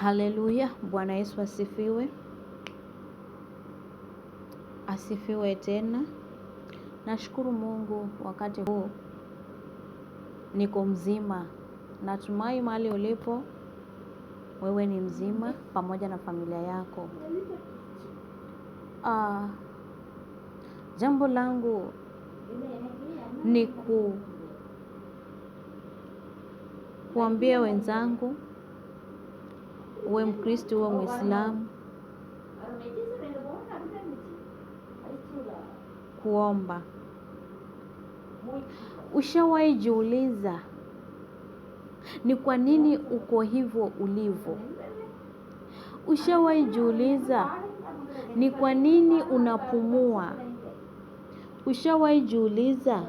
Haleluya, Bwana Yesu asifiwe, asifiwe tena. Nashukuru Mungu wakati huu niko mzima. Natumai mahali ulipo wewe ni mzima pamoja na familia yako. Ah, jambo langu ni ku kuambia wenzangu uwe Mkristo uwe Mwislamu, kuomba. Ushawahi jiuliza ni kwa nini uko hivyo ulivyo? Ushawahi jiuliza ni kwa nini unapumua? Ushawahi jiuliza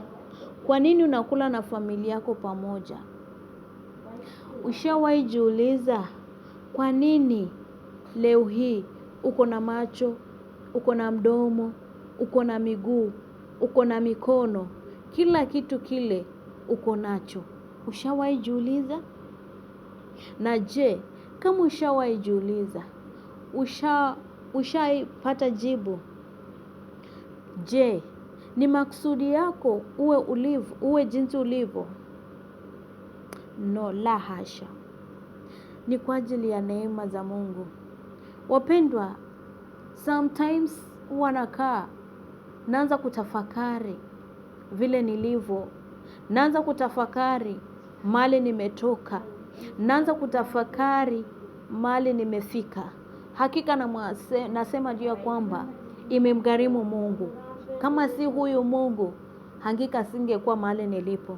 kwa nini unakula na familia yako pamoja? Ushawahi jiuliza kwa nini leo hii uko na macho, uko na mdomo, uko na miguu, uko na mikono, kila kitu kile uko nacho? Ushawahi jiuliza? Na je, kama ushawahi jiuliza, usha ushaipata jibu? Je, ni maksudi yako uwe ulivu, uwe jinsi ulivyo? No, la hasha ni kwa ajili ya neema za Mungu. Wapendwa, sometimes huwa nakaa naanza kutafakari vile nilivyo, naanza kutafakari mali nimetoka, naanza kutafakari mali nimefika. Hakika na mwase, nasema juu ya kwamba imemgharimu Mungu. Kama si huyu Mungu, hakika singekuwa mahali nilipo.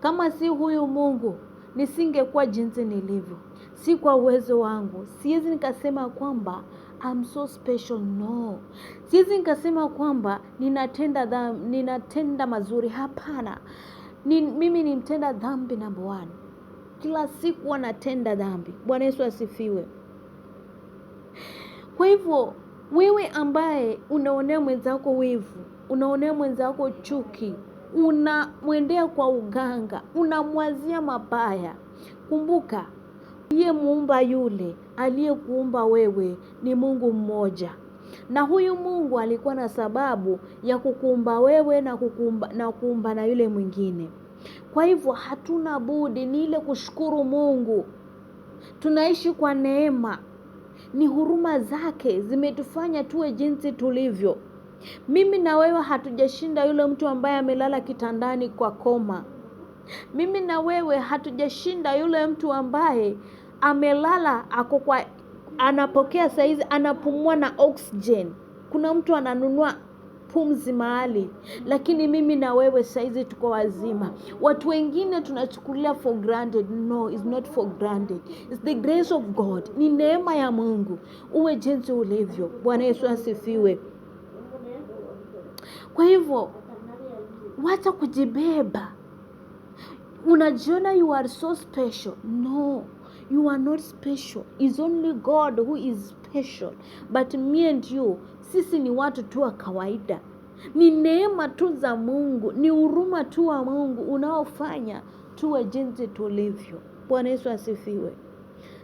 Kama si huyu Mungu, nisingekuwa jinsi nilivyo si kwa uwezo wangu. Siwezi nikasema kwamba I'm so special, no. Siwezi nikasema kwamba ninatenda dham, ninatenda mazuri, hapana. Ni, mimi ni mtenda dhambi namba one, kila siku wanatenda dhambi. Bwana Yesu asifiwe. Kwa hivyo wewe ambaye unaonea mwenzako wivu, unaonea mwenzako chuki, unamwendea kwa uganga, unamwazia mabaya, kumbuka Ndiye muumba yule aliyekuumba wewe ni Mungu mmoja. Na huyu Mungu alikuwa na sababu ya kukuumba wewe na kukuumba na kuumba na yule mwingine. Kwa hivyo hatuna budi ni ile kushukuru Mungu. Tunaishi kwa neema. Ni huruma zake zimetufanya tuwe jinsi tulivyo. Mimi na wewe hatujashinda yule mtu ambaye amelala kitandani kwa koma. Mimi na wewe hatujashinda yule mtu ambaye amelala ako kwa anapokea saizi, anapumua na oxygen. Kuna mtu ananunua pumzi mahali, lakini mimi na wewe saizi tuko wazima. Watu wengine tunachukulia for granted. No, it's not for granted, it's the grace of God. Ni neema ya Mungu. Uwe jinsi ulivyo. Bwana Yesu asifiwe. Kwa hivyo wacha kujibeba unajiona you are so special no you are not special is only god who is special but me and you sisi ni watu tu wa kawaida ni neema tu za mungu ni huruma tu wa mungu unaofanya tuwe jinsi tulivyo bwana yesu asifiwe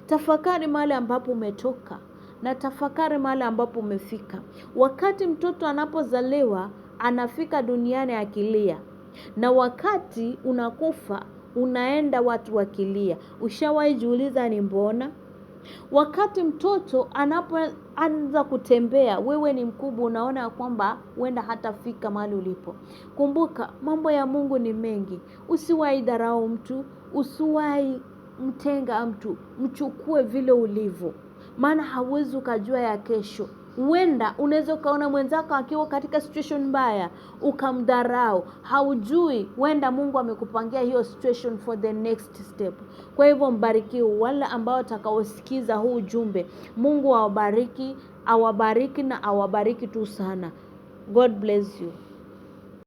tafakari mahali ambapo umetoka na tafakari mahali ambapo umefika wakati mtoto anapozaliwa anafika duniani akilia na wakati unakufa unaenda watu wakilia. Ushawahi jiuliza ni mbona? Wakati mtoto anapoanza kutembea, wewe ni mkubwa, unaona ya kwamba huenda hatafika mahali ulipo. Kumbuka mambo ya Mungu ni mengi. Usiwahi dharau mtu, usiwahi mtenga mtu, mchukue vile ulivyo, maana hauwezi ukajua ya kesho. Huenda unaweza ukaona mwenzako akiwa katika situation mbaya ukamdharau, haujui, huenda Mungu amekupangia hiyo situation for the next step. Kwa hivyo, mbarikiwa wale ambao watakaosikiza huu ujumbe, Mungu awabariki, awabariki na awabariki tu sana. God bless you.